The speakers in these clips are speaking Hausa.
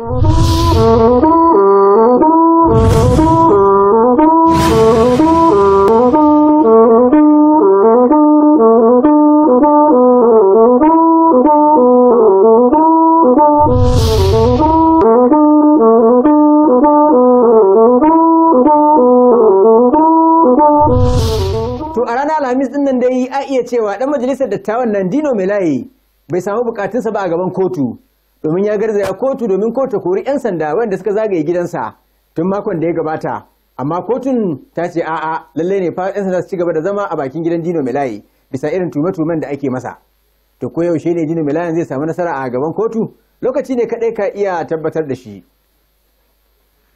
Alhamis din dai a iya cewa dan majalisar dattawan nan Dino mai layi bai samu bukatunsa ba a gaban kotu. domin ya garzaya kotu domin kotu ta kori 'yan sanda wanda suka zagaye gidansa tun makon da ya gabata amma kotun ta ce a'a lalle ne fa 'yan sanda su ci gaba da zama a bakin gidan Dino Melaye bisa irin tume-tumen da ake masa to ko yaushe ne Dino Melaye zai samu nasara a gaban kotu lokaci ne kadai ka iya tabbatar da shi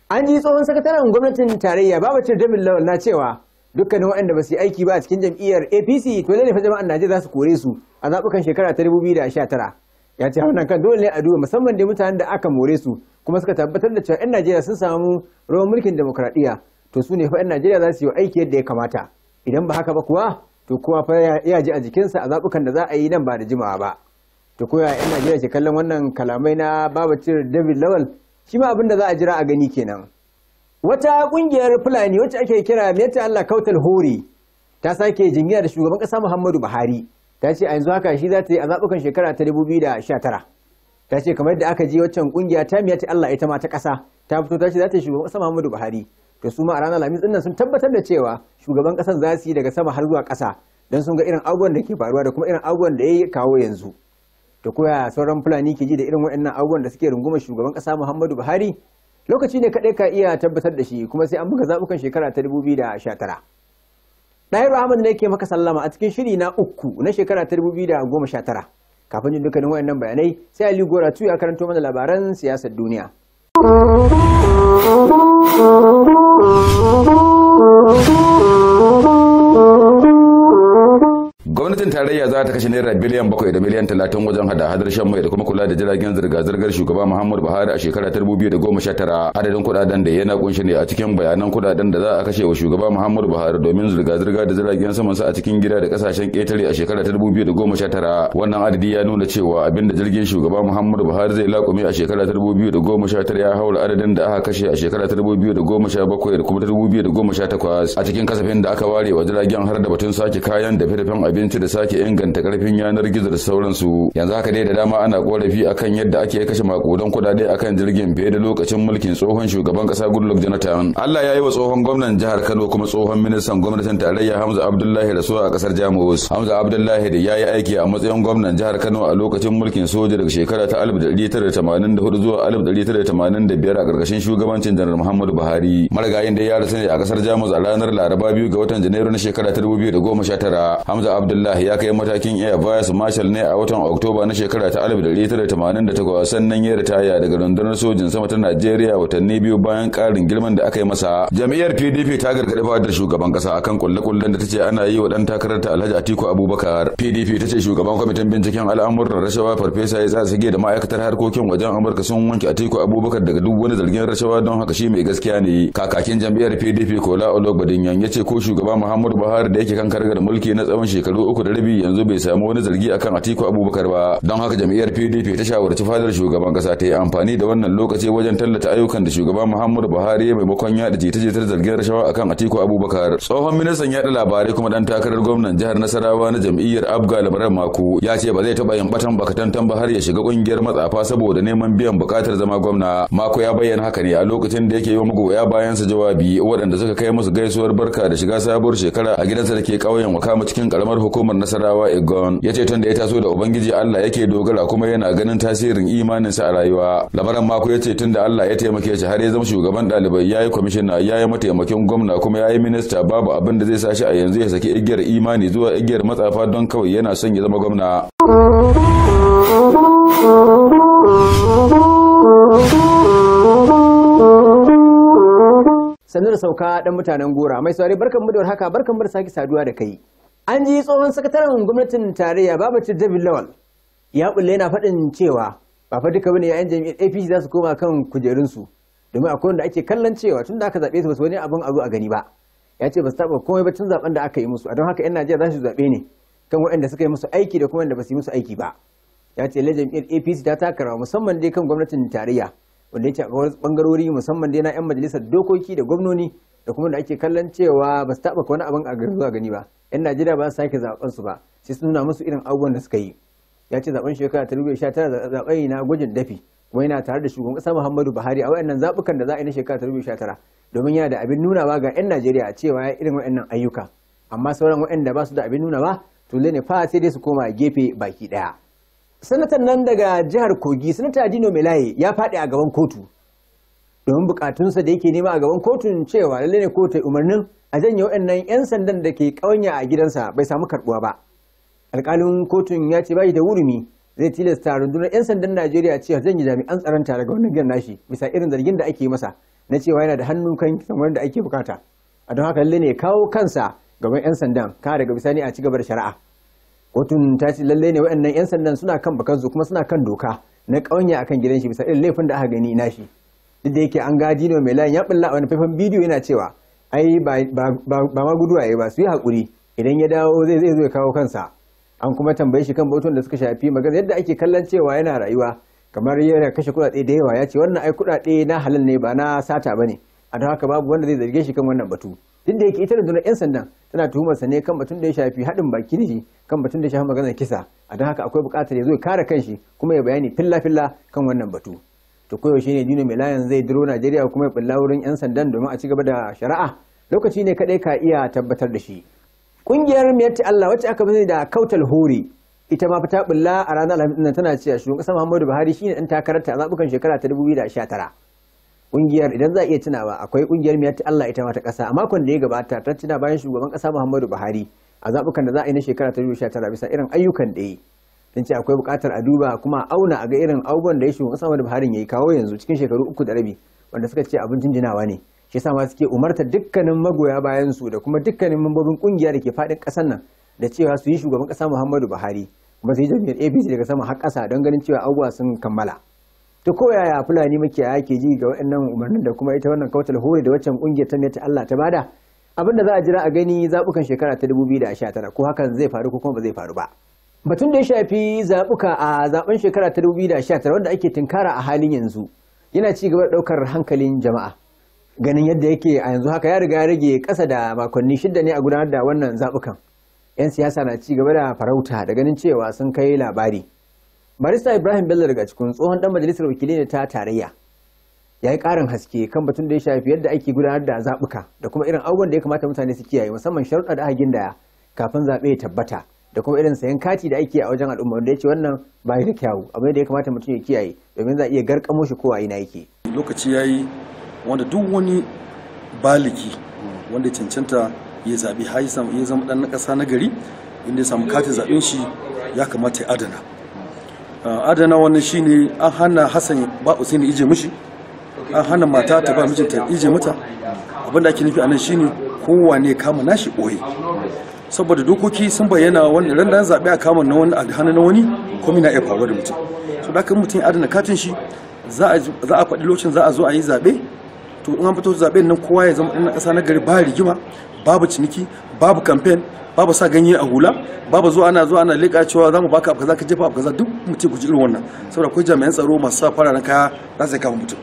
an ji tsohon sakataren gwamnatin tarayya babacin Jamil Lawal na cewa dukkanin waɗanda ba su yi aiki ba a cikin jam'iyyar APC to lalle fa jama'an Najeriya za su kore su a zaɓukan shekara ta 2019 ya ce wannan kan dole ne a duba musamman da mutanen da aka more su kuma suka tabbatar da cewa 'yan najeriya sun samu rawar mulkin demokradiyya to su ne fa 'yan najeriya za su yi aiki yadda ya kamata idan ba haka ba kuwa to kuma fa ya ji a jikinsa a zaɓukan da za a yi nan ba da jimawa ba to koya 'yan najeriya ke kallon wannan kalamai na babacir david lawal shi ma abin da za a jira a gani kenan wata kungiyar fulani wacce ake kira meta allah kautal hori ta sake jingina da shugaban kasa muhammadu buhari ta ce a yanzu haka shi za ta yi a zaɓukan shekara ta 2019 ta ce kamar yadda aka je waccan ƙungiya ta miya ta Allah ita ma ta ƙasa ta fito ta ce za ta yi shugaban ƙasa Muhammadu Buhari to su ma a ranar Lamis ɗin sun tabbatar da cewa shugaban ƙasan za su yi daga sama har zuwa ƙasa don sun ga irin abubuwan da ke faruwa da kuma irin abubuwan da ya kawo yanzu to koya sauran fulani ke ji da irin waɗannan abubuwan da suke rungumar shugaban ƙasa Muhammadu Buhari lokaci ne kadai ka iya tabbatar da shi kuma sai an buga zaɓukan shekara ta 2019 Ɗahiru Ahmad ne ke maka sallama a cikin shiri na uku na shekara ta dubu biyu da goma sha tara Kafin jin dukkanin wayannan bayanai sai Ali Gora ya karanto mana labaran siyasar duniya. gwamnatin tarayya za ta kashe naira biliyan bakwai da miliyan talatin wajen hada hadar shan mai da kuma kula da jiragen zirga-zirgar shugaba muhammadu buhari a shekara ta dubu biyu da goma sha tara adadin kuɗaɗen da yana kunshi ne a cikin bayanan kuɗaɗen da za a kashe wa shugaba muhammadu buhari domin zirga-zirga da jiragen saman sa a cikin gida da kasashen ƙetare a shekara ta dubu biyu da goma sha tara wannan adadi ya nuna cewa abin da jirgin shugaba muhammadu buhari zai laƙume a shekara ta dubu biyu da goma sha tara ya haura adadin da aka kashe a shekara ta dubu biyu da goma sha bakwai da kuma ta dubu biyu da goma sha takwas a cikin kasafin da aka ware wa jiragen har da batun sake kayan da fitafin abin abinci da sake inganta karfin yanar gizo da sauransu yanzu haka dai da dama ana korafi akan yadda ake kashe makudan kudade akan jirgin fiye da lokacin mulkin tsohon shugaban kasa Goodluck Jonathan Allah ya yi wa tsohon gwamnan jihar Kano kuma tsohon ministan gwamnatin tarayya Hamza Abdullahi da a kasar Jamus Hamza Abdullahi da ya yi aiki a matsayin gwamnan jihar Kano a lokacin mulkin soja daga shekara ta 1984 zuwa 1985 a ƙarƙashin shugabancin janar Muhammadu Buhari marigayin da ya rasu ne a kasar Jamus a ranar Laraba biyu ga watan Janairu na shekara ta 2019 Hamza Abdullahi Abdullah ya kai matakin Air Vice Marshal ne a watan Oktoba na shekara ta 1988 sannan ya ritaya daga rundunar sojin sama ta Najeriya watanni biyu bayan karin girman da aka yi masa. Jami'ar PDP ta gargaɗi fadar shugaban ƙasa akan kulle-kullen da ta ce ana yi wa ɗan takarar ta Alhaji Atiku Abubakar. PDP ta ce shugaban kwamitin binciken al'amuran rashawa Farfesa ya tsasage da ma'aikatar harkokin wajen Amurka sun wanke Atiku Abubakar daga duk wani zargin rashawa don haka shi mai gaskiya ne. Kakakin jami'ar PDP Kola Ologbadinyan ya ce ko shugaba Muhammadu Buhari da yake kan kargar mulki na tsawon shekaru uku da rabi yanzu bai samu wani zargi akan Atiku Abubakar ba don haka jam'iyyar PDP ta shawarci fadar shugaban kasa ta yi amfani da wannan lokaci wajen tallata ayyukan da shugaban Muhammadu Buhari maimakon yaɗa jita-jitar zargin rashawa akan Atiku Abubakar tsohon ministan yaɗa labarai kuma dan takarar gwamnan jihar Nasarawa na jam'iyyar Abga Lamaran Mako ya ce ba zai taɓa yin batan bakatantan ba har ya shiga ƙungiyar matsafa saboda neman biyan buƙatar zama gwamna Mako ya bayyana haka ne a lokacin da yake yi wa magoya bayansa jawabi waɗanda suka kai musu gaisuwar barka da shiga sabuwar shekara a gidansa da ke ƙauyen Wakama cikin ƙaramar hukumar hukumar Nasarawa Egon ya ce tun da ya taso da Ubangiji Allah yake dogara kuma yana ganin tasirin imaninsa a rayuwa. Labaran mako ya ce tun da Allah ya taimake shi har ya zama shugaban ɗalibai ya yi kwamishina ya yi mataimakin gwamna kuma ya yi minista babu abin da zai sa shi a yanzu ya saki igiyar imani zuwa igiyar matsafa don kawai yana son ya zama gwamna. sannu sauka dan mutanen gora mai saurari barkan mu haka barkan mu da sake saduwa da kai an ji tsohon sakataren gwamnatin tarayya babu david lawal ya bulle yana faɗin cewa ba fa duka bane yayan jami'ar apc za su koma kan kujerunsu domin akwai wanda ake kallon cewa tun da aka zaɓe su ba su wani abin a zo a gani ba ya ce ba su taɓa komai ba tun zaɓen da aka yi musu a don haka 'yan najeriya za su zaɓe ne kan waɗanda suka yi musu aiki da kuma waɗanda ba su yi musu aiki ba ya ce lai jami'ar apc ta taka rawa musamman dai kan gwamnatin tarayya wanda ya ce a bangarori musamman dai na 'yan majalisar dokoki da gwamnoni da kuma da ake kallon cewa ba su taɓa wani abin a gani ba 'yan najeriya ba su sake zaben su ba sai sun nuna musu irin abubuwan da suka yi ya ce zaben shekara ta dubu sha tara zaben na gwajin dafi kuma yana tare da shugaban kasa muhammadu buhari a wayannan zabukan da za a yi na shekara ta dubu sha domin yana da abin nunawa ga 'yan najeriya a cewa ya irin wayannan ayyuka amma sauran wayanda ba su da abin nuna ba to ne fa sai dai su koma gefe baki daya sanatan nan daga jihar kogi sanata dino melaye ya faɗi a gaban kotu domin bukatunsa da yake nema a gaban kotun cewa lallai ne kotu umarnin a janye waɗannan 'yan sandan da ke ƙawanya a gidansa bai samu karbuwa ba alƙalin kotun ya ce bai da wurumi zai tilasta rundunar 'yan sandan najeriya cewa zan yi jami'an tsaron tare ga wannan gidan nashi bisa irin zargin da ake masa na cewa yana da hannu kan kamar da ake bukata a don haka lalle ne kawo kansa gaban 'yan sandan ka daga bisani a ci gaba da shari'a kotun ta ce lalle ne waɗannan 'yan sandan suna kan bakansu kuma suna kan doka na ƙawanya akan gidan shi bisa irin laifin da aka gani nashi duk da yake an gaji ne mai layin ya bulla a wani faifan bidiyo yana cewa ai ba ma gudu yi ba su yi haƙuri idan ya dawo zai zai zo ya kawo kansa an kuma tambaye shi kan bautun da suka shafi magana yadda ake kallon cewa yana rayuwa kamar yana kashe kuɗaɗe da yawa ya ce wannan ai kuɗaɗe na halal ne ba na sata ba ne a don haka babu wanda zai zarge shi kan wannan batu duk da yake ita da 'yan sandan tana tuhumar sa ne kan batun da ya shafi haɗin baki da shi kan batun da ya shafi maganar kisa a don haka akwai buƙatar ya zo ya kare kanshi kuma ya bayani filla filla kan wannan batu. to koyaushe ne dino mai layan zai duro najeriya kuma ya bulla wurin yan sandan domin a cigaba da shari'a lokaci ne kadai ka iya tabbatar da shi kungiyar miyatti allah wacce aka bani da kautal hore ita ma fita bulla a ranar alhamis din tana cewa shugaban kasa muhammadu buhari shine dan takararta a zabukan shekara ta 2019 kungiyar idan za a iya tunawa akwai kungiyar miyatti allah ita ma ta kasa a makon da ya gabata ta tuna bayan shugaban kasa muhammadu buhari a zabukan da za a yi na shekara ta 2019 bisa irin ayyukan da ya yi in ce akwai bukatar a duba kuma a auna a ga irin abubuwan da ya shugaban kasa Muhammadu Buhari ya yi kawo yanzu cikin shekaru uku da rabi wanda suka ce abincin jinawa ne shi yasa ma suke umartar dukkanin magoya bayan su da kuma dukkanin mambobin kungiya da ke faɗin ƙasar nan da cewa su yi shugaban kasa Muhammadu Buhari kuma su yi jami'ar APC daga sama har ƙasa don ganin cewa abubuwa sun kammala ta koyaya Fulani makiyaya ke ji ga waɗannan umarnin da kuma ita wannan kautar hore da waccan kungiyar ta ta Allah ta bada abinda za a jira a gani zabukan shekara ta 2019 ko hakan zai faru ko kuma ba zai faru ba batun da ya shafi zaɓuka a zaɓen shekara ta 2019 wanda ake tinkara a halin yanzu yana ci gaba da ɗaukar hankalin jama'a ganin yadda yake a yanzu haka ya riga ya rage ƙasa da makonni shidda ne a gudanar da wannan zaɓukan 'yan siyasa na ci gaba da farauta da ganin cewa sun kai labari barista ibrahim bello daga cikin tsohon dan majalisar wakilai ne ta tarayya ya yi ƙarin haske kan batun da ya shafi yadda ake gudanar da zaɓuka da kuma irin abubuwan da ya kamata mutane su kiyaye musamman sharuɗa da aka gindaya kafin zaɓe ya tabbata da kuma irin sayan kati da ake a wajen al'umma da ce wannan ba da kyawu abin da ya kamata mutum ya kiyaye domin za a iya garkamo shi ko a ina yake lokaci yayi wanda duk wani baliki wanda cancanta ya zabi ya zama dan na kasa na gari inda ya samu katin zaɓen shi ya kamata ya adana ah, adana wannan shine an hana Hassan ba Usaini ije mishi an hana mata ta ba mijinta ije mata abinda ake nufi a nan shine kowane ne kama nashi ɓoye saboda dokoki sun bayyana wani ran da zaɓe a kama na wani a na wani komai na iya faruwa da mutum so da kan mutum ya adana katin shi za a faɗi lokacin za a zo a yi zaɓe to in an fito zaɓe nan kowa ya zama ɗan ƙasa na gari ba rigima babu ciniki babu kamfen babu sa ganye a hula babu zuwa ana zuwa ana leƙa cewa za mu baka abu kaza ka jefa abu kaza duk mutum guji irin wannan saboda akwai jami'an tsaro masu sa na kaya za su kama mutum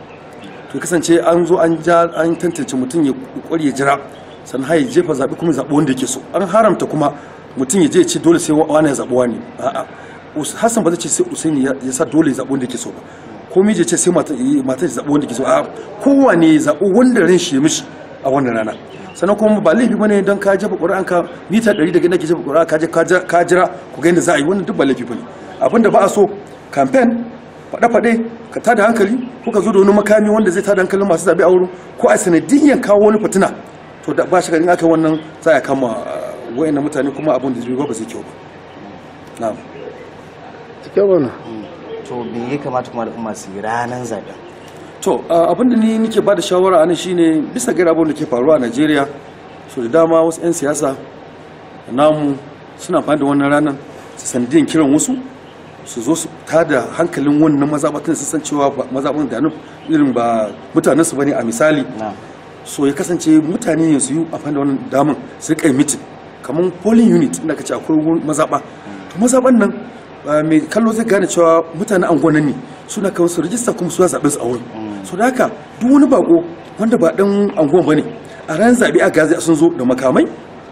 to kasance an zo an ja an tantance mutum ya ƙware ya jira san haye jefa zaɓi kuma zaɓi wanda yake so an haramta kuma mutum ya je ya ce dole sai wani ya zaɓi wani a'a hassan ba zai ce sai usaini ya sa dole ya zaɓi wanda yake so ba ko miji ce sai mata ya zaɓi wanda yake so a'a kowane ya zaɓi wanda ran shi mishi a wannan rana sannan kuma ba laifi bane don ka jefa ƙuri'an ka mita ɗari daga inda ke jefa ƙuri'a ka je ka jira ku ga yadda za a yi wannan duk ba laifi bane abinda ba a so campaign faɗe-faɗe ka tada hankali ko ka zo da wani makami wanda zai tada hankalin masu zaɓe a wurin ko a sanadiyyar kawo wani fitina to da ba shi ganin aka wannan za a kama uh, wayannan mutane kuma abin da zai ba ba zai kyau ba na'am kyau ba to me ya kamata kuma al'umma su yi ranar zaben to uh, abin da ni nake ba da shawara a nan shine bisa ga abin da ke faruwa a Najeriya so da dama wasu 'yan siyasa namu suna amfani da wannan ranar su sandiyan kiran wasu su zo su tada hankalin wannan mazaɓatan su san cewa mazaɓatan da irin ba su ba ne a misali so ya kasance mutane ne su yi amfani da wannan damar su rika mitin kamar polling unit inda ka ce akwai mazaɓa to mazaɓan nan mai kallo zai gane cewa mutane gwanan ne suna kan su rijista kuma suna zaɓe su a wurin so da haka duk wani bako wanda ba ɗan anguwan ba ne a ran zaɓe a gazi sun zo da makamai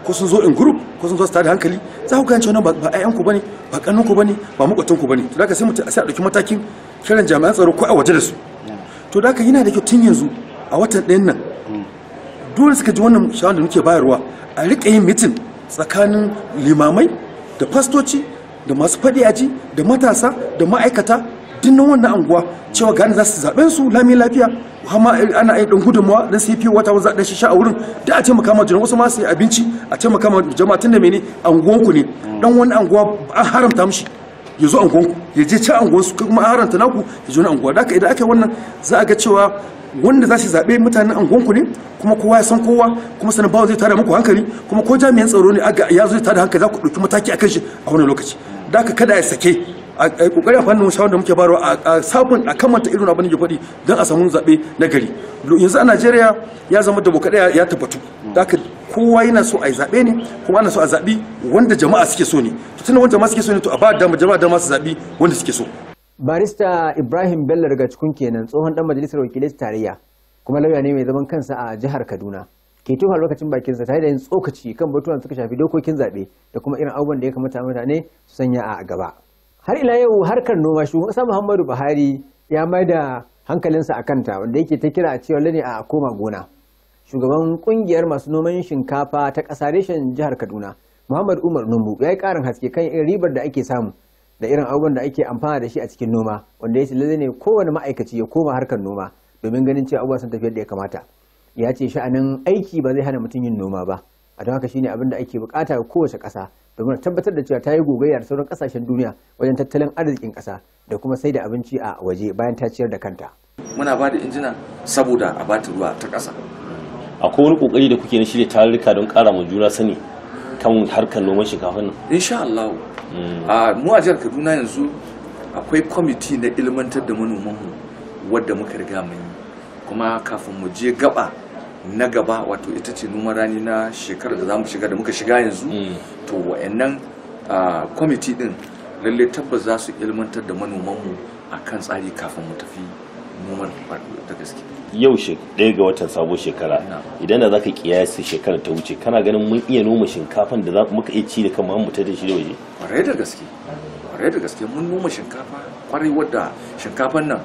ko sun zo in group ko sun zo su tada hankali za ku gane cewa ba ayan ku bane ba kannan ku bane ba makwatan ku bane to da haka sai mutum sai a ɗauki matakin kiran jami'an tsaro ko a waje da su to da haka yana da kyau tun yanzu a watan ɗayan nan dole suka ji wannan shawar da muke bayarwa a riƙe yin mitin tsakanin limamai da fastoci da masu faɗi da matasa da ma'aikata dinnan wannan anguwa cewa gane za su zaɓen su lami lafiya hama ana yi ɗan gudunmawa don sai fiye wata zaɗen shisha a wurin da a taimaka ma jama'a wasu ma su yi abinci a taimaka ma jama'a tun da mene anguwanku ne dan wani anguwa an haramta mishi ya zo anguwanku ya je can anguwansu kuma an haramta naku ya zo wani anguwa da idan aka yi wannan za a ga cewa wanda za su zaɓe mutanen angonku ne kuma kowa ya san kowa kuma sanin bawa zai tara muku hankali kuma ko jami'an tsaro ne ya zo tada hankali za ku ɗauki mataki a kan shi a wani lokaci da aka kada ya sake a kokari a fannin shawarar da muke barwa a sabon a kamanta irin abin da ke faɗi don a samu zaɓe na gari yanzu a najeriya ya zama da bokaɗaya ya tabbatu da aka kowa yana so a yi zaɓe ne kuma ana so a zaɓi wanda jama'a suke so ne to tunda wanda jama'a suke so ne to a ba dama jama'a dama su zaɓi wanda suke so barista ibrahim bello daga cikin kenan tsohon dan majalisar wakilai tarayya kuma lauya ne mai zaman kansa a jihar kaduna ke tuhu lokacin bakin sa tare da yin tsokaci kan da suka shafi dokokin zaɓe da kuma irin abubuwan da ya kamata mutane su sanya a gaba har ila yau harkar noma shugaban ƙasa muhammadu buhari ya mai da hankalinsa a kanta wanda yake ta kira a cewa ne a koma gona shugaban kungiyar masu noman shinkafa ta ƙasa reshen jihar kaduna muhammad umar numbu ya yi ƙarin haske kan irin ribar da ake samu da irin abubuwan da ake amfana da shi a cikin noma wanda ya ce lalle ne kowane ma'aikaci ya koma harkar noma domin ganin cewa abubuwa sun tafiyar da ya kamata ya ce sha'anin aiki ba zai hana mutum yin noma ba a don haka shine abin da ake bukata ga kowace kasa domin tabbatar da cewa ta yi gogayya da sauran ƙasashen duniya wajen tattalin arzikin ƙasa da kuma sai da abinci a waje bayan ta ciyar da kanta muna ba da injina saboda a bata ruwa ta ƙasa akwai wani kokari da kuke na shirya tarurruka don kara ma juna sani kan harkar noman shinkafa nan insha Allah hmm. a mu a jihar Kaduna yanzu akwai kwamiti na ilmantar da manoman mu wadda muka riga mun kuma kafin mu je gaba na gaba wato ita ce noman rani na shekarar da zamu shiga da muka shiga yanzu hmm. to wayannan kwamiti din lalle tabbas za su ilmantar da manoman mu akan tsari kafin mu tafi noman faɗo ta gaske yau ɗaya ga watan sabon shekara idan da zaka kiyasi shekara ta wuce kana ganin mun iya noma shinkafan da muka iya ci da kan mu ta da shi da waje kwarai da gaske kwarai da gaske mun noma shinkafa kwarai wadda shinkafan nan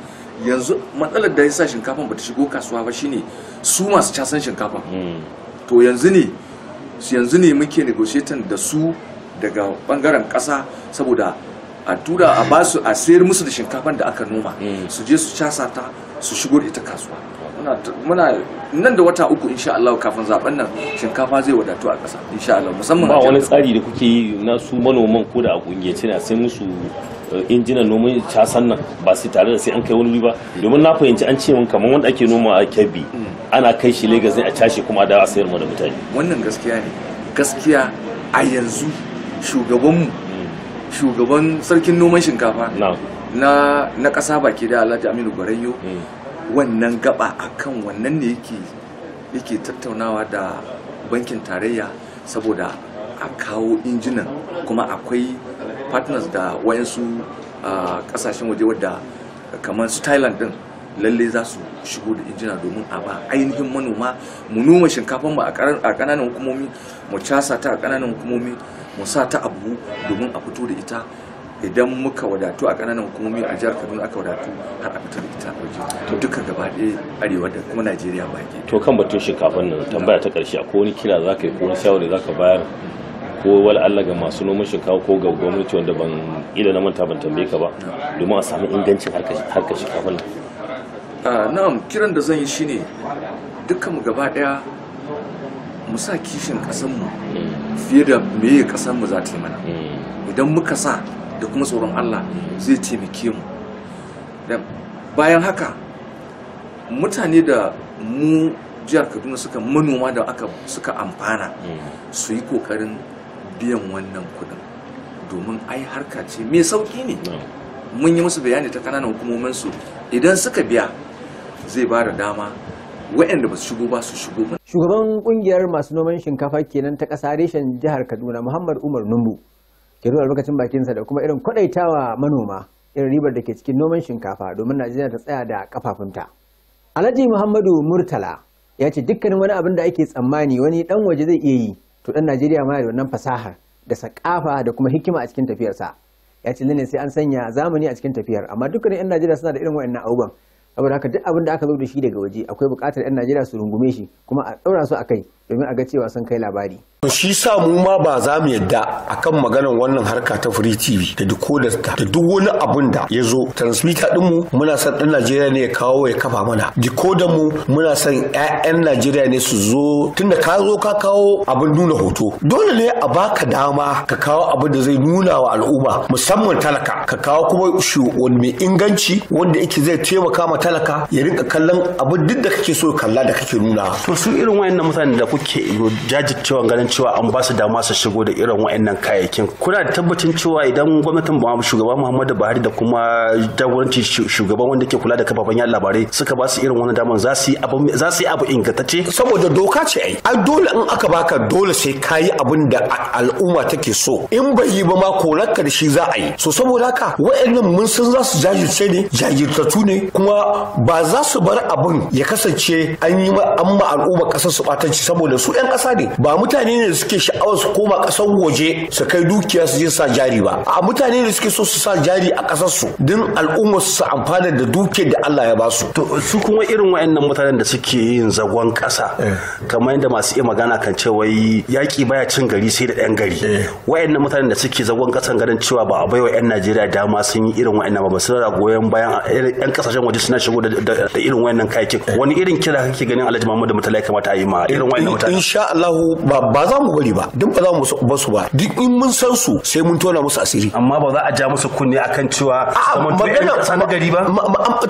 yanzu matsalar da yasa shinkafan bata shigo kasuwa ba shine su masu casan shinkafa hmm. to yanzu ne yanzu ne muke negotiating da su daga bangaren ƙasa saboda a tura a ba su a sayar musu da shinkafan da aka noma mm. su je su casa ta su shigo da ita kasuwa muna nan da wata uku insha Allah kafin zaben nan shinkafa zai wadatu a ƙasa insha Allah musamman ba wani tsari da kuke yi na su manoman ko da a kungiyace na sai musu eh, injinan noman casan nan ba su tare da sai an kai wani ba domin na fahimci an ce mun kamar wanda ake noma a Kebbi mm. ana kai shi Lagos ne a cashe kuma a dawo a sayar mu da mutane wannan gaskiya ne gaskiya a yanzu shugabanmu shugaban sarkin noman shinkafa na na ƙasa baki da alhaji aminu gwarayyo mm. wannan gaba akan wannan ne yake yake tattaunawa da bankin tarayya saboda a kawo injinan kuma akwai partners da wayansu kasashen waje wadda kamar su thailand din lalle za su shigo da injina domin a ba ainihin manoma mu noma shinkafan mu a ƙananan hukumomi mu casa ta a ƙananan hukumomi mu sa ta abu domin a fito da ita idan muka wadatu a kananan hukumomi a jihar kaduna aka wadatu har a fito da ita waje to duka gaba ɗaya arewa da kuma najeriya baki to kan batun shinkafan nan tambaya ta ƙarshe akwai wani kira za ka yi ko wani shawari za ka bayar ko wal Allah ga masu noman shinkafa ko ga gwamnati wanda ban ila na manta ban tambaye ka ba domin a samu ingancin harkar shinkafan nan na'am kiran da zan yi shine dukkan mu gaba ɗaya mu sa kishin ƙasar mu mm. fiye da meye kasar mu za ta yi mana mm. idan muka sa da kuma tsoron Allah zai taimake mu bayan haka mutane da mu jihar kaduna suka manoma da aka suka amfana mm. su yi kokarin biyan wannan kudin domin ai harka ce mai sauki ne mm. mun yi musu bayani ta kananan hukumomin su idan suka biya zai ba da dama waɗanda ba su shigo ba su shigo ba. Shugaban kungiyar masu noman shinkafa kenan ta ƙasa reshen jihar Kaduna Muhammad Umar Numbu ke nuna lokacin bakinsa da kuma irin kwaɗaitawa manoma irin ribar da ke cikin noman shinkafa domin Najeriya ta tsaya da kafafunta. Alhaji Muhammadu Murtala ya ce dukkanin wani abin da ake tsammani wani dan waje zai iya yi to dan Najeriya ma da wannan fasahar da sakafa da kuma hikima a cikin tafiyarsa. Ya ce ne sai an sanya zamani a cikin tafiyar amma dukkanin 'yan Najeriya suna da irin wa'annan abubuwan saboda haka duk abin da aka zo da shi daga waje akwai bukatar 'yan najeriya su rungume shi kuma a ɗaura su a kai domin a ga cewa sun kai labari shi sa mu ma ba za mu yadda akan maganar wannan harka ta free tv da duk ta da duk wani abun da ya zo transmitter din mu muna son dan Najeriya ne ya kawo ya kafa mana decoder mu muna son ƴaƴan Najeriya ne su zo tunda ka zo ka kawo abin nuna hoto dole ne a baka dama ka kawo abin da zai nuna wa al'umma musamman talaka ka kawo kuma shi mai inganci wanda yake zai taimaka ma talaka ya rinka kallon abin duk da kake so kalla da kake nuna to su irin wayannan mutane da kuke jajircewa ganin ganin cewa an ba su dama su shigo da irin wa'annan kayayyakin kuna da tabbacin cewa idan gwamnatin ba shugaba muhammadu buhari da kuma jagoranci shugaban wanda ke kula da kafafen yada labarai suka ba su irin wani damar za su yi abu ingantacce saboda doka ce ai ai dole in aka baka dole sai kayi abun da al'umma take so in bai yi ba ma kolarka da shi za a yi so saboda haka wa'annan mun san za su jajirce ne jajirtatu ne kuma ba za su bar abun ya kasance an yi an ma al'umma kasar su batanci saboda su 'yan kasa ne ba mutane mutane ne suke sha'awa su koma ƙasar waje su kai dukiya su je sa jari ba a mutane ne suke so su sa jari a ƙasar su din al'umma su amfana da dukiyar da Allah ya ba su to su kuma irin wayannan mutanen da suke yin zagon ƙasa eh. kamar yadda masu iya magana kan ce wai yaƙi baya cin gari sai da ɗan gari eh. wayannan mutanen da suke zagon ƙasan garin cewa ba a baiwa 'yan Najeriya dama sun yi irin wayannan ba su da goyon bayan 'yan ƙasashen waje suna shigo da irin wayannan kayakin eh. wani irin kira kake ganin Alhaji Muhammadu Mutala ya kamata a yi ma irin wayannan mutane insha Allah ba ba za mu bari ba duk ba za mu ba su ba duk in mun san su sai mun tona musu asiri amma ba za a ja musu kunne akan cewa magana kasa na gari ba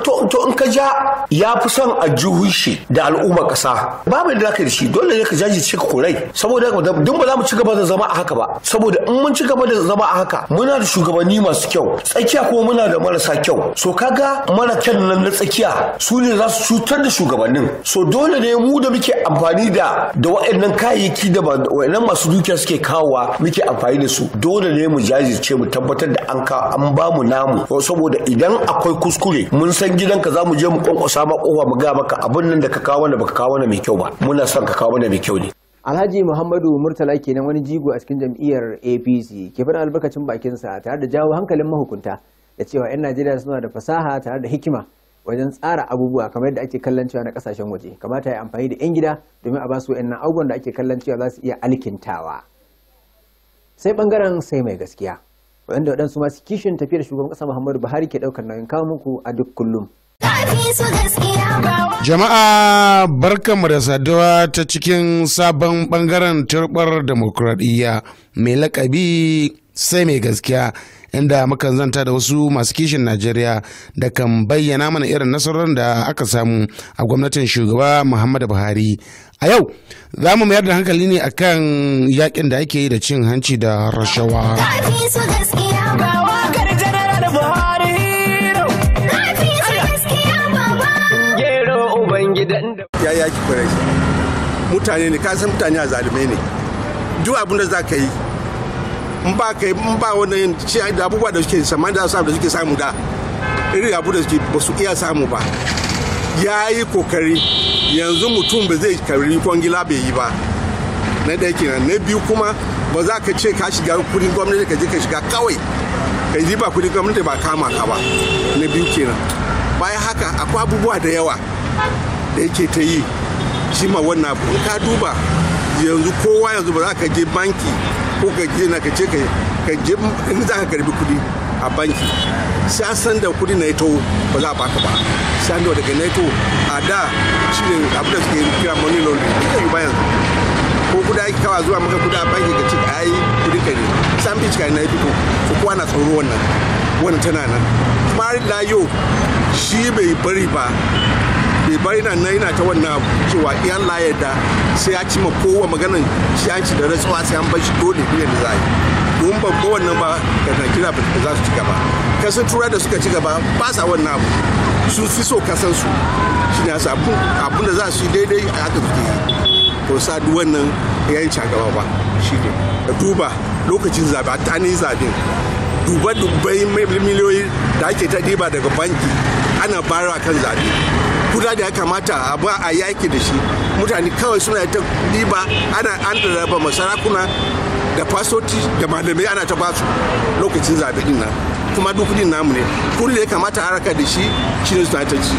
to in ka ja ya fi son a juhun shi da al'umma kasa babu da zaka da shi dole ne ka shi ka korai saboda duk ba za mu ci gaba da zama a haka ba saboda in mun ci gaba da zama a haka muna da shugabanni masu kyau tsakiya kuma muna da marasa kyau so kaga mara kyan nan na tsakiya su ne za su cutar da shugabannin so dole ne mu da muke amfani da da waɗannan kayayyaki da ba wayannan masu dukiya suke kawo wa muke amfani da su dole ne mu jajirce mu tabbatar da an ka an ba mu namu saboda idan akwai kuskure mun san gidanka za mu je mu kwankwasa ma kofa mu ga maka abin nan da ka kawo wanda baka kawo wanda mai kyau ba muna son ka kawo wanda mai kyau ne Alhaji Muhammadu Murtala kenan wani jigo a cikin jam'iyyar APC ke fara albarkacin bakinsa tare da jawo hankalin mahukunta da cewa 'yan Najeriya suna da fasaha tare da hikima wajen tsara abubuwa kamar yadda ake kallon cewa na kasashen waje kamata ya amfani da 'yan gida domin a basu wa'annan abubuwan da ake kallon cewa za su iya alkintawa sai bangaren sai mai gaskiya waɗanda waɗansu masu kishin tafiyar shugaban ƙasa muhammadu buhari ke ɗaukar nauyin kawo muku a duk kullum Jama'a barkanmu da saduwa ta cikin sabon bangaren turbar demokradiyya mai lakabi sai mai gaskiya inda mukan zanta da wasu masu kishin najeriya da kan bayyana mana irin nasarar da aka samu a gwamnatin shugaba muhammadu buhari a yau za mu mayar da hankali ne akan yakin da ake yi da cin hanci da rashawa yaya ki mutane ne ka san mutane a zalume ne duk abin da za ka yi in ba kai in ba wannan ci da abubuwa da suke saman da da suke samu da irin abu da suke ba su iya samu ba ya yi kokari yanzu mutum ba zai karbi kwangila bai yi ba na ɗaya kenan na biyu kuma ba za ka ce ka shiga kudin gwamnati ka je ka shiga kawai ka yi ba kudin gwamnati ba kama ka ba na biyu kenan bayan haka akwai abubuwa da yawa da yake ta yi shi ma wannan abu in ka duba yanzu kowa yanzu ba za ka je banki ko ka je na ka ce ka je in za ka karbi kudi a banki sha san da kudi na ito ba za a baka ba sha da daga na ito a da shi ne abu da suke kira money laundering ita yi bayan ko kuda ake kawa zuwa maka kuda a banki ka ce ka yi kudi ka ne san bi cika na fito su kowa na tsoro wannan wannan tana nan kuma har da yau shi bai bari ba ba ina na ina ta wannan cewa iyan laye da sai ya ci ma kowa maganan ci da rantsuwa sai an bashi shi dole biyan da za a yi don ba wannan ba da Najeriya ba za su ci gaba kasan tura da suka ci gaba ba sa wannan abu su fi so kasan su shi ne abun da za su yi daidai a haka suke yi to sa duk wannan yayin ci gaba ba shi ne da duba lokacin zabe a tani zaɓen duba dubbai miliyoyi da ake ta ɗiba daga banki ana bayarwa kan zabe kuda da ya kamata a ba a yaki da shi mutane kawai suna ta riba ana an raba masarakuna da fasoti da malamai ana ta basu lokacin zaɓe din nan kuma duk kudin namu ne kudin da ya kamata a raka da shi shine suna ta ci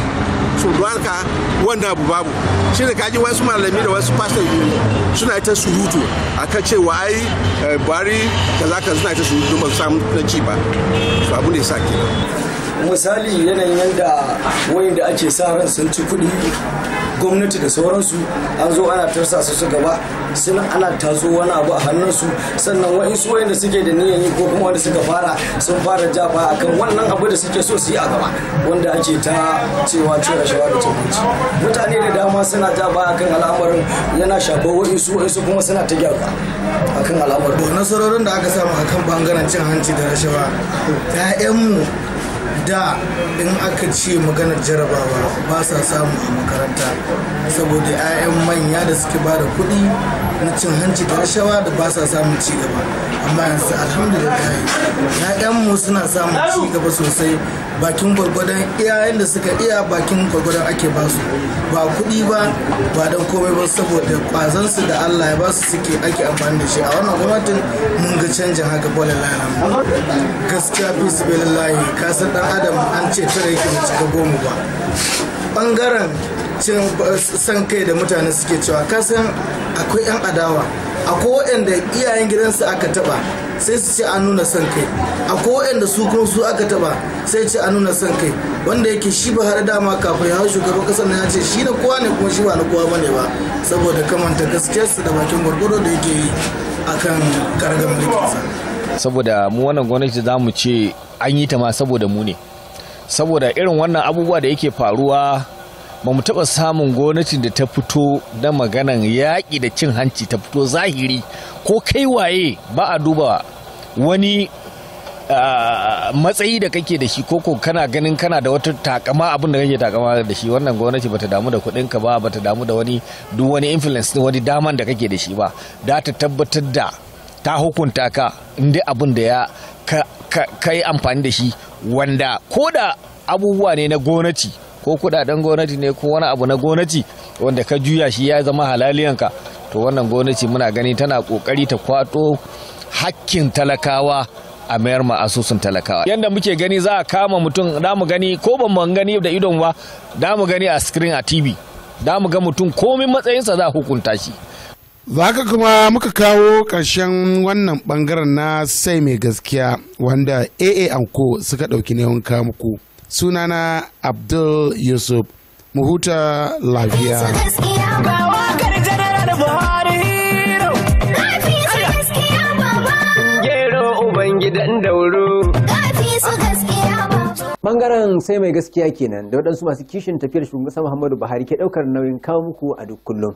so don haka abu babu shi da kaji wasu malami da wasu pastor suna ta surutu a kan cewa ai eh, bari kaza kaza suna ta surutu ba su samu na ci ba su abu ne sa kenan misali yanayin yadda wayan da ake sa ran sun ci kuɗi gwamnati da sauransu an zo ana tarsa su su gaba sun ana tatso wani abu a hannunsu sannan wa'insu wayanda suke da niyan yi ko kuma wanda suka fara sun fara jafa akan wannan abu da suke so su yi a gaba wanda ake ta cewa cin rashawa da cin mutane da dama suna jafa akan al'amarin yana shafa wa'insu wa'insu kuma suna ta gyaruwa akan al'amarin nasarorin da aka samu akan bangaren cin hanci da rashawa 'ya'yanmu da in aka ce maganar jarabawa ba sa samu a makaranta saboda 'ya'yan manya da suke ba da kuɗi na cin hanci da rashawa da ba sa samun ci gaba amma yanzu alhamdulillah ya'yanmu suna samun ci gaba sosai bakin gwargwadon iyayen da suka iya bakin gwargwadon ake ba su ba kuɗi ba ba don komai ba saboda kwazansu da allah ya ba su suke ake amfani da shi a wannan gwamnatin mun ga canjin haka bolin lalama gaskiya fi su layi ka san dan adam an ce tare yake da cika goma ba bangaren cin san kai da mutane suke cewa kasan akwai 'yan adawa akwai waɗanda iyayen gidansu aka taba sai su ce an nuna son kai akwai waɗanda su kuma su aka taba sai ce an nuna son kai wanda yake shi ba har dama kafin ya shugaban kasar ya ce shi na kowa ne kuma shi ba na kowa ne ba saboda kamanta su da bakin gwargwaro da yake yi akan karagar mulkinsa saboda mu wannan gwamnati za mu ce an yi ta ma saboda mu ne saboda irin wannan abubuwa da yake faruwa ba mu taɓa samun gwamnatin da ta fito da maganan yaƙi da cin hanci ta fito zahiri ko kai waye ba a duba wani matsayi da kake da shi koko kana ganin kana da wata takama abin da kake takama da shi wannan gwamnati bata damu da kuɗin ka ba bata damu da wani duk wani influence ne wani daman da kake da shi ba da ta tabbatar da ta hukunta ka inda abin da ya ka yi amfani da shi wanda ko da abubuwa ne na gonaci ko kudaden gonaci ne ko wani abu na gonaci wanda ka juya shi ya zama halaliyanka to wannan gonaci muna gani tana kokari ta kwato hakkin talakawa a mayar ma asusun talakawa yadda muke gani za a kama mutum da mu gani ko ban mu gani da idon ba da mu gani a screen a tv da mu ga mutum komin matsayinsa za a hukunta shi Zaka kuma muka kawo ƙarshen wannan ɓangaren na sai mai gaskiya wanda AA Anko suka ɗauki neman muku. Sunana Abdul Yusuf, Muhuta lafiya. Bangaren sai mai gaskiya kenan da waɗansu masu kishin tafiyar shugaban Muhammadu Buhari ke ɗaukar nauyin kawo muku a duk kullum.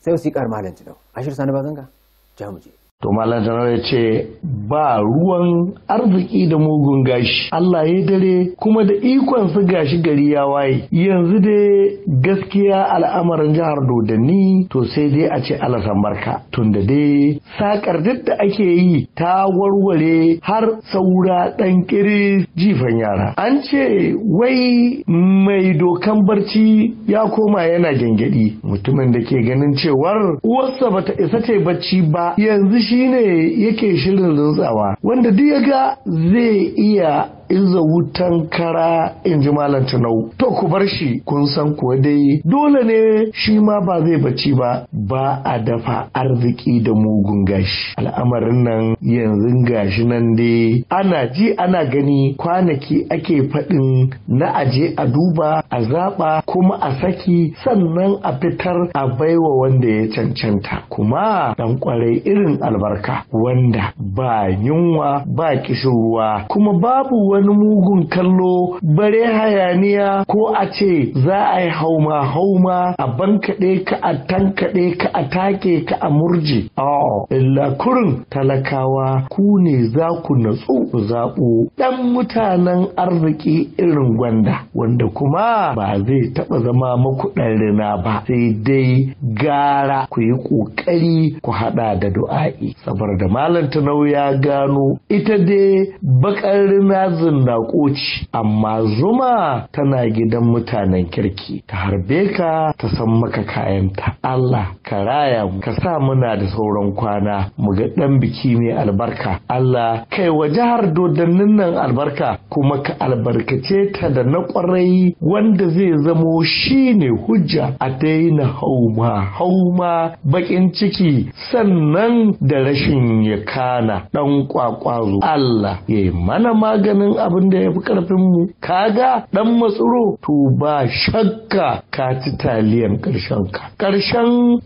sai wasiƙar malam ta dau ashir sani ba zanga ja mu to malam janar ya ce ba ruwan arziki da mugun gashi Allah ya dare kuma da ikon su gashi gari ya waye yanzu dai gaskiya al'amarin jihar Dodani to sai dai a ce alasan barka tunda dai sakar duk da ake yi ta warware har saura ɗan kiri jifan yara an ce wai mai dokan barci ya koma yana gyangyaɗi mutumin da ke ganin cewar uwarsa bata isa ce barci ba yanzu shine yake shirin rutsawa wanda duk ya ga zai iya za wutan kara in ji malam tinau to ku bar shi kun san kuwa dai dole ne shi ma ba zai baci ba ba a dafa arziki da mugun gashi al'amarin nan yanzu gashi nan dai ana ji ana gani kwanaki ake faɗin na aje a duba a zaɓa kuma a saki sannan a fitar a baiwa wanda ya cancanta kuma dan kwarai irin albarka wanda ba yunwa ba kishin ruwa kuma babu wani wani mugun kallo bare hayaniya ko a ce za a yi hauma hauma a bankaɗe ka a tankaɗe ka a take ka a murje a'a illa kurin talakawa ku ne za ku natsu ku zaɓo ɗan mutanen arziki irin gwanda wanda kuma ba zai taɓa zama maku ɗan rina ba sai dai gara ku yi ƙoƙari ku haɗa da du'a'i saboda malam tanau ya gano ita dai baƙar rina irin naƙoci amma zuma tana gidan mutanen kirki ta harbe ka ta san maka kayanta Allah ka raya mu ka sa muna da sauran kwana mu ga ɗan biki mai albarka Allah kai wa jihar dodannin nan albarka kuma ka albarkace ta da na ƙwarai wanda zai zamo shi ne hujja a daina hauma hauma baƙin ciki sannan da rashin ya kana ɗan ƙwaƙwazo Allah ya yi mana maganin abin da ya fi karfin mu kaga ɗan matsuro to ba shakka ka ci taliyan ƙarshenka. ka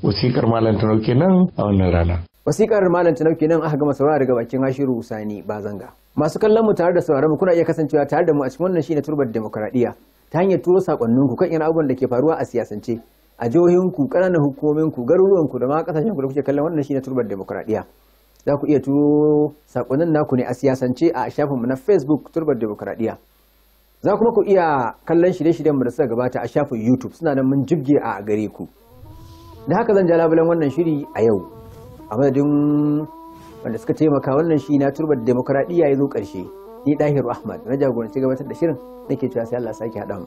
wasikar malam tanau kenan a wannan rana wasikar malam tanau kenan aka gama saurara daga bakin ba Usani Bazanga masu kallon mu tare da sauraron mu kuna iya kasancewa tare da mu a cikin wannan shine turbar demokradiya ta hanyar turo sakonnin ku kan yan abubuwan da ke faruwa a siyasance a jihohinku ƙananan garuruwan ku da ma ku da kuke kallon wannan shine turbar demokradiya za ku iya turo saƙonin naku ne a siyasance a shafinmu na facebook turbar demokuraɗiyya za kuma ku iya kallon shirye-shiryenmu da suka gabata a shafin youtube suna nan mun jibge a gare ku da haka zan ja labulen wannan shiri a yau a madadin wanda suka taimaka wannan shi na turbar demokuraɗiyya ya zo ƙarshe ni ɗahiru ahmad na jagoranci gabatar da shirin nake cewa sai allah sake haɗa mu